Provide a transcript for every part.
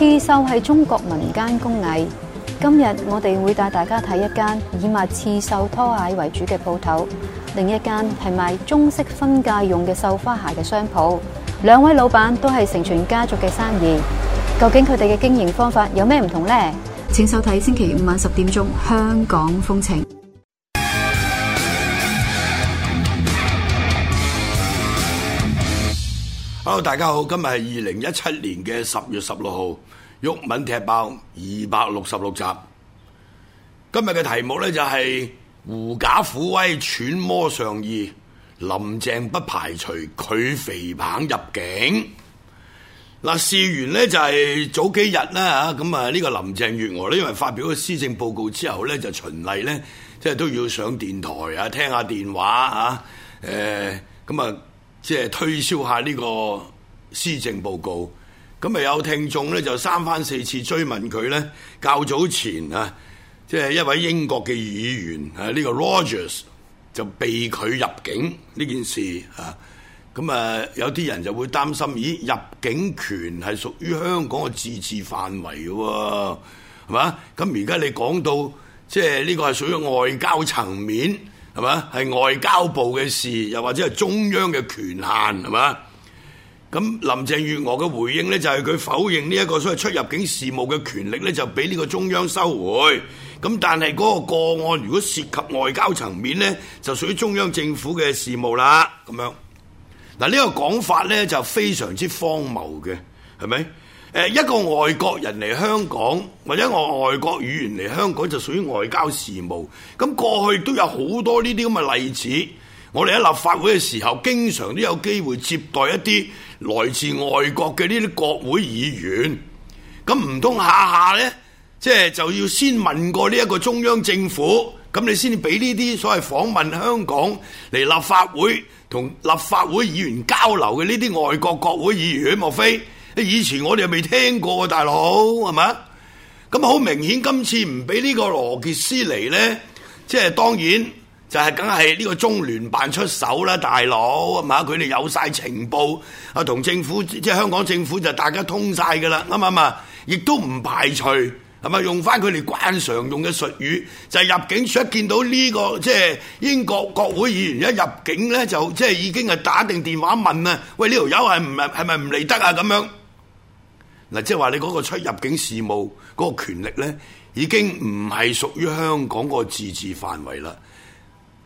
刺繡係中國民間工藝。今日我哋會帶大家睇一間以賣刺繡拖鞋為主嘅鋪頭，另一間係賣中式婚嫁用嘅繡花鞋嘅商鋪。兩位老闆都係成全家族嘅生意，究竟佢哋嘅經營方法有咩唔同呢？請收睇星期五晚十點鐘《香港風情》。Hello 大家好，今日係二零一七年嘅十月十六號，毓民踢爆二百六十六集。今日嘅題目呢就係狐假虎威，揣摩上意，林鄭不排除拒肥彭入境。嗱、啊，事緣呢就係、是、早幾日啦吓，咁啊呢個林鄭月娥呢，因為發表咗施政報告之後呢，就循例呢，即係都要上電台啊，聽下電話啊，誒，咁啊。呃即係推銷下呢個施政報告，咁啊有聽眾咧就三番四次追問佢咧，較早前啊，即係一位英國嘅議員啊，呢、呢個 Rogers 就被拒入境呢件事啊，咁啊有啲人就會擔心，咦，入境權係屬於香港嘅自治範圍喎、啊，係嘛？咁而家你講到即係呢個係屬於外交層面。係嘛，係外交部嘅事，又或者係中央嘅權限，係嘛？咁林鄭月娥嘅回應呢，就係佢否認呢一個所謂出入境事務嘅權力呢，就俾呢個中央收回。咁但係嗰個個案，如果涉及外交層面呢，就屬於中央政府嘅事務啦。咁樣嗱，呢個講法呢，就非常之荒謬嘅，係咪？誒一個外國人嚟香港，或者一個外國語言嚟香港，就屬於外交事務。咁過去都有好多呢啲咁嘅例子。我哋喺立法會嘅時候，經常都有機會接待一啲來自外國嘅呢啲國會議員。咁唔通下下呢，即係就要先問過呢一個中央政府，咁你先至俾呢啲所謂訪問香港嚟立法會同立法會議員交流嘅呢啲外國國會議員？莫非？以前我哋未聽過大佬係嘛？咁好明顯，今次唔俾呢個羅傑斯嚟呢，即係當然就係梗係呢個中聯辦出手啦，大佬係嘛？佢哋有晒情報啊，同政府即係香港政府就大家通晒嘅啦，啱唔啱？亦都唔排除係咪用翻佢哋慣常用嘅術語，就係入境處一見到呢個即係英國國會議員一入境呢，就即係已經係打定電話問啊，喂呢條友係唔係係咪唔嚟得啊咁樣？嗱，即係話你嗰個出入境事務嗰個權力咧，已經唔係屬於香港個自治範圍啦。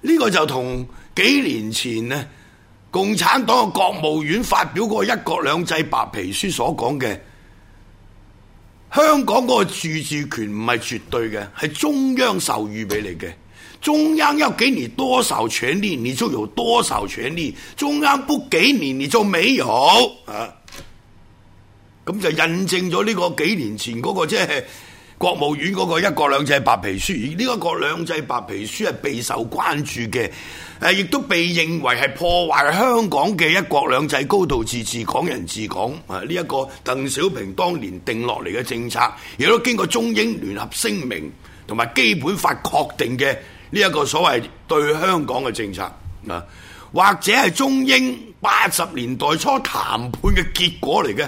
呢個就同幾年前呢，共產黨嘅國務院發表嗰個一國兩制白皮書所講嘅，香港嗰個自治權唔係絕對嘅，係中央授予俾你嘅。中央有幾年多少權力，你就有多少權力；中央不給你，你就沒有啊。咁就印證咗呢個幾年前嗰個即係國務院嗰個一國兩制白皮書，呢一個兩制白皮書係備受關注嘅，誒亦都被認為係破壞香港嘅一國兩制高度自治、港人治港啊！呢一個鄧小平當年定落嚟嘅政策，亦都經過中英聯合聲明同埋基本法確定嘅呢一個所謂對香港嘅政策啊，或者係中英八十年代初談判嘅結果嚟嘅。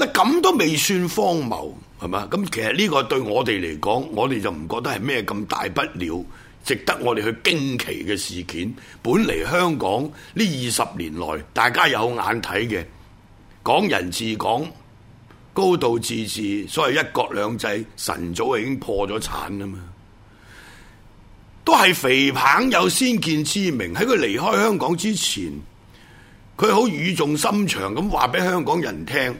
嗱，咁都未算荒謬，係嘛？咁其實呢個對我哋嚟講，我哋就唔覺得係咩咁大不了，值得我哋去驚奇嘅事件。本嚟香港呢二十年來，大家有眼睇嘅，港人治港，高度自治，所謂一國兩制，神早已經破咗產啦嘛。都係肥彭有先見之明，喺佢離開香港之前，佢好語重心長咁話俾香港人聽。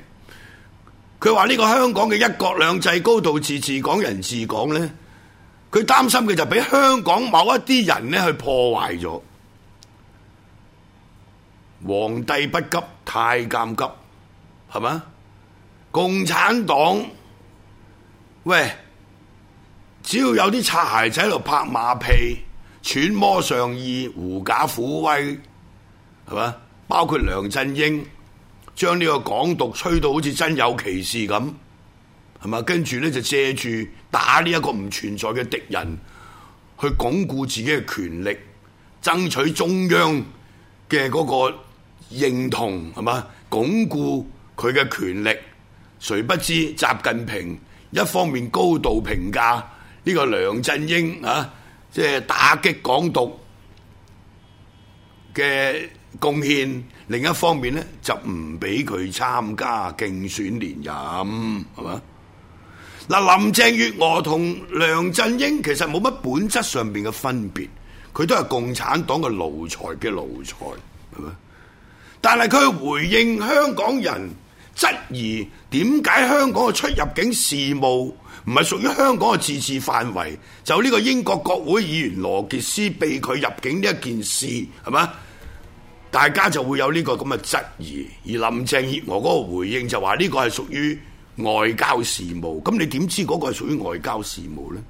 佢話呢個香港嘅一國兩制、高度自治、港人治港呢，佢擔心嘅就俾香港某一啲人咧去破壞咗。皇帝不急太監急，係嘛？共產黨喂，只要有啲擦鞋仔喺度拍馬屁、揣摩上意、狐假虎威，係嘛？包括梁振英。將呢個港獨吹到好似真有其事咁，係嘛？跟住咧就借住打呢一個唔存在嘅敵人，去鞏固自己嘅權力，爭取中央嘅嗰個認同，係嘛？鞏固佢嘅權力。誰不知習近平一方面高度評價呢個梁振英啊，即係打擊港獨嘅貢獻，另一方面呢，就唔俾佢參加競選連任，係嘛？嗱，林鄭月娥同梁振英其實冇乜本質上面嘅分別，佢都係共產黨嘅奴才嘅奴才，係嘛？但係佢回應香港人質疑，點解香港嘅出入境事務唔係屬於香港嘅自治範圍？就呢個英國國會議員羅傑斯被佢入境呢一件事，係嘛？大家就會有呢個咁嘅質疑，而林鄭月娥嗰個回應就話呢個係屬於外交事務，咁你點知嗰個係屬於外交事務呢？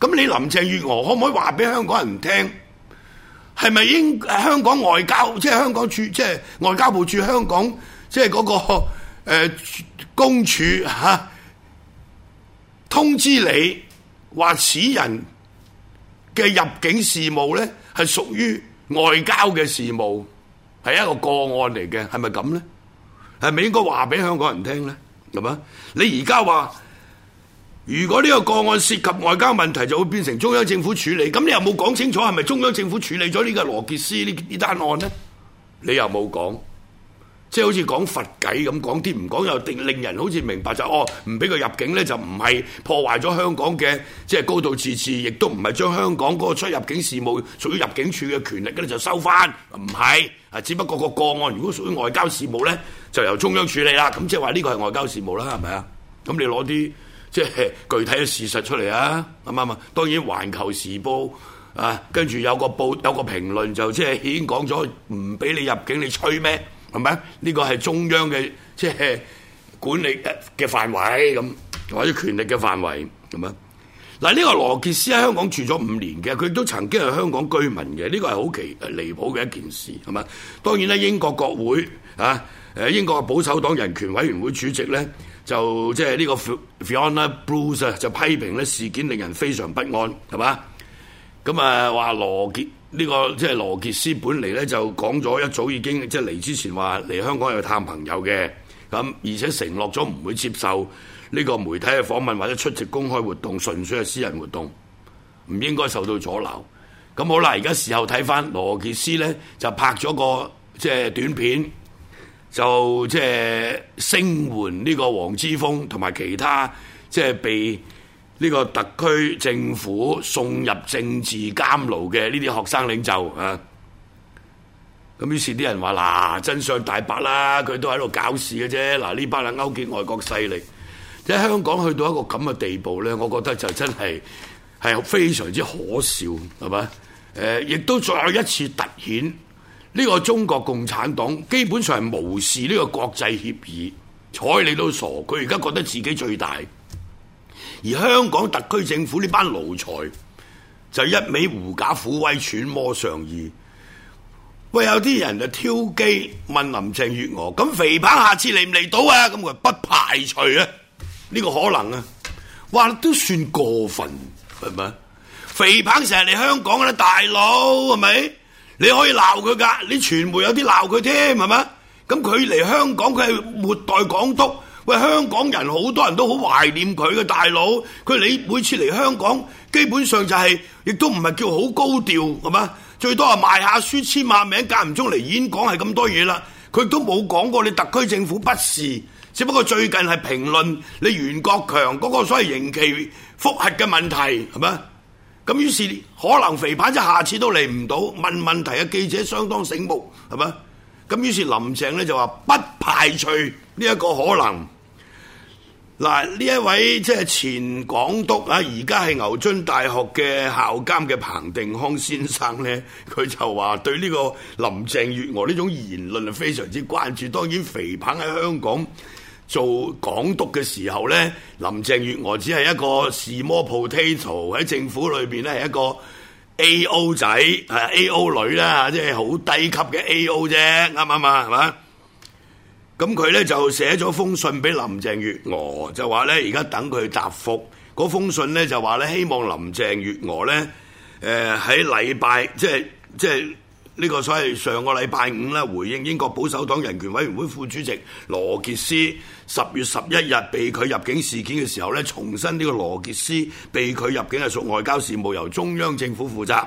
咁你林鄭月娥可唔可以話俾香港人聽，係咪英香港外交即係香港，香港外交部駐香港即係、那、嗰個、呃、公署通知你話此人嘅入境事務呢係屬於外交嘅事務係一個個案嚟嘅，係咪咁咧？係咪應該話俾香港人聽咧？係嘛？你而家話如果呢個個案涉及外交問題，就會變成中央政府處理，咁你又冇講清楚係咪中央政府處理咗呢個羅傑斯呢呢單案咧？你又冇講。即係好似講佛偈咁，講啲唔講又定令人好似明白就哦，唔俾佢入境呢，就唔係破壞咗香港嘅即係高度自治，亦都唔係將香港嗰個出入境事務屬於入境處嘅權力咧就收翻，唔係啊，只不過個個案如果屬於外交事務呢，就由中央處理啦。咁即係話呢個係外交事務啦，係咪啊？咁你攞啲即係具體嘅事實出嚟啊？啱唔啱？當然《環球時報》啊，跟住有個報有個評論就即係已經講咗唔俾你入境，你吹咩？係咪呢個係中央嘅即係管理嘅嘅範圍咁，或者權力嘅範圍咁啊。嗱，呢個羅傑斯喺香港住咗五年嘅，佢都曾經係香港居民嘅。呢個係好奇離譜嘅一件事，係嘛？當然啦，英國國會啊，誒英國保守黨人權委員會主席咧，就即係呢個 Fiona Bruce 啊，就批評咧事件令人非常不安，係嘛？咁啊話羅傑。呢、這個即係、就是、羅傑斯本嚟咧就講咗一早已經即係嚟之前話嚟香港去探朋友嘅，咁而且承諾咗唔會接受呢個媒體嘅訪問或者出席公開活動，純粹係私人活動，唔應該受到阻撓。咁好啦，而家時候睇翻羅傑斯咧就拍咗個即係、就是、短片，就即係聲援呢個黃之鋒同埋其他即係、就是、被。呢個特區政府送入政治監牢嘅呢啲學生領袖啊，咁於是啲人話：嗱、啊，真相大白啦，佢都喺度搞事嘅啫。嗱、啊，呢班人勾結外國勢力，喺香港去到一個咁嘅地步呢，我覺得就真係係非常之可笑，係咪？亦、啊、都再一次突顯呢、呢個中國共產黨基本上係無視呢個國際協議，睬你都傻。佢而家覺得自己最大。而香港特區政府呢班奴才就一味狐假虎威、揣摩上意。喂，有啲人就挑機問林鄭月娥，咁肥彭下次嚟唔嚟到啊？咁佢不排除啊，呢、這個可能啊。哇，都算過分，係咪？肥彭成日嚟香港啦、啊，大佬係咪？你可以鬧佢㗎，你傳媒有啲鬧佢添，係咪？咁佢嚟香港，佢係末代港督。香港人好多人都好懷念佢嘅大佬。佢你每次嚟香港，基本上就係、是、亦都唔係叫好高調，係嘛？最多係賣下書，簽下名，間唔中嚟演講係咁多嘢啦。佢都冇講過你特區政府不是，只不過最近係評論你袁國強嗰個所謂刑期復核嘅問題，係嘛？咁於是可能肥彭一下次都嚟唔到。問問題嘅記者相當醒目，係嘛？咁於是林鄭呢就話不排除呢一個可能。嗱，呢一位即係前港督啊，而家係牛津大學嘅校監嘅彭定康先生咧，佢就話對呢個林鄭月娥呢種言論啊，非常之關注。當然，肥彭喺香港做港督嘅時候咧，林鄭月娥只係一個 small potato 喺政府裏邊咧，係一個 A O 仔啊 A O 女啦，即係好低級嘅 A O 啫，啱唔啱啊？係嘛？咁佢咧就寫咗封信俾林鄭月娥，就話咧而家等佢答覆嗰封信咧，就話咧希望林鄭月娥咧，誒、呃、喺禮拜即係即係呢、呢個所謂上個禮拜五咧回應英國保守黨人權委員會副主席羅傑斯十月十一日被拒入境事件嘅時候咧，重申呢個羅傑斯被拒入境係屬外交事務，由中央政府負責。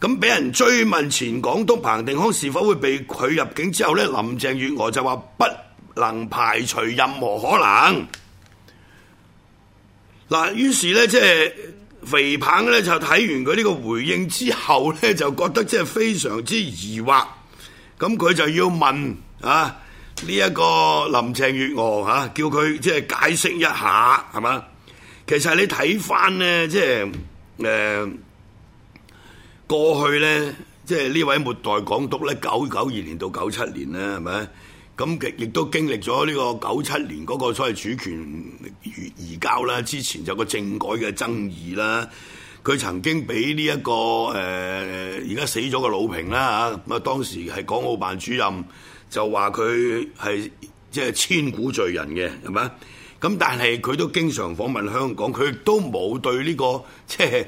咁俾人追問前港督彭定康是否會被拒入境之後呢，林鄭月娥就話不能排除任何可能。嗱、啊，於是呢，即係肥彭呢，就睇完佢呢個回應之後呢，就覺得即係非常之疑惑。咁、嗯、佢就要問啊呢一，這個林鄭月娥嚇、啊，叫佢即係解釋一下係嘛？其實你睇翻呢，即係誒。呃過去呢，即係呢位末代港督呢，九九二年到九七年咧，係咪？咁亦亦都經歷咗呢個九七年嗰個所謂主權移交啦，之前就有個政改嘅爭議啦。佢曾經俾呢一個誒，而、呃、家死咗個魯平啦嚇，咁啊當時係港澳辦主任就話佢係即係千古罪人嘅，係咪？咁但係佢都經常訪問香港，佢都冇對呢、呢個即係。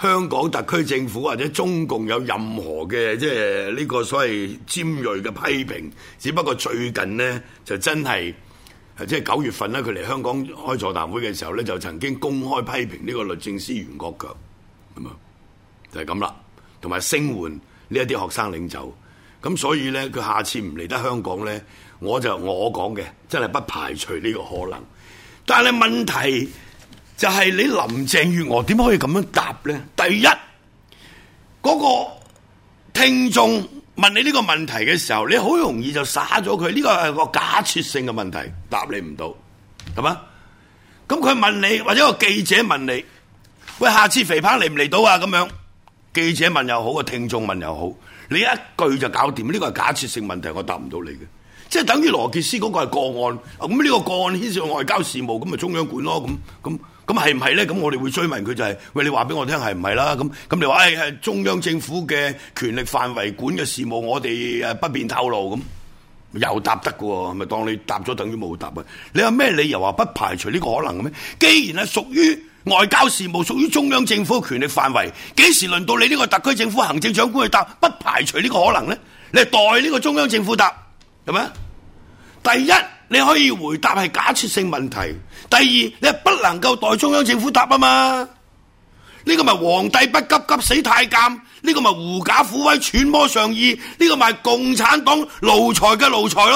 香港特區政府或者中共有任何嘅即係呢個所謂尖銳嘅批評，只不過最近呢，就真係即係九月份咧佢嚟香港開座談會嘅時候咧，就曾經公開批評呢個律政司袁國強，咁啊就係咁啦，同埋聲援呢一啲學生領袖，咁所以呢，佢下次唔嚟得香港呢，我就我講嘅真係不排除呢個可能，但係問題。就係你林鄭月娥點可以咁樣答咧？第一，嗰個聽眾問你呢個問題嘅時候，你好容易就耍咗佢。呢個係個假設性嘅問題，答你唔到係嘛？咁佢問你，或者個記者問你，喂，下次肥彭嚟唔嚟到啊？咁樣記者問又好，個聽眾問又好，你一句就搞掂。呢個係假設性問題，我答唔到你嘅，即係等於羅傑斯嗰個係個案。咁呢個個案牽涉外交事務，咁咪中央管咯？咁咁。咁係唔係咧？咁我哋會追問佢就係、是、喂，你話俾我聽係唔係啦？咁咁你話誒、哎，中央政府嘅權力範圍管嘅事務，我哋誒不便透露咁，又答得嘅喎，咪當你答咗等於冇答啊！你有咩理由話不排除呢個可能嘅咩？既然係屬於外交事務，屬於中央政府嘅權力範圍，幾時輪到你呢個特區政府行政長官去答？不排除呢個可能咧，你係代呢個中央政府答，係咪？第一。你可以回答係假設性問題。第二，你係不能夠代中央政府答啊嘛。呢個咪皇帝不急急死太監。呢個咪狐假虎威揣摩上意。呢個咪共產黨奴才嘅奴才咯。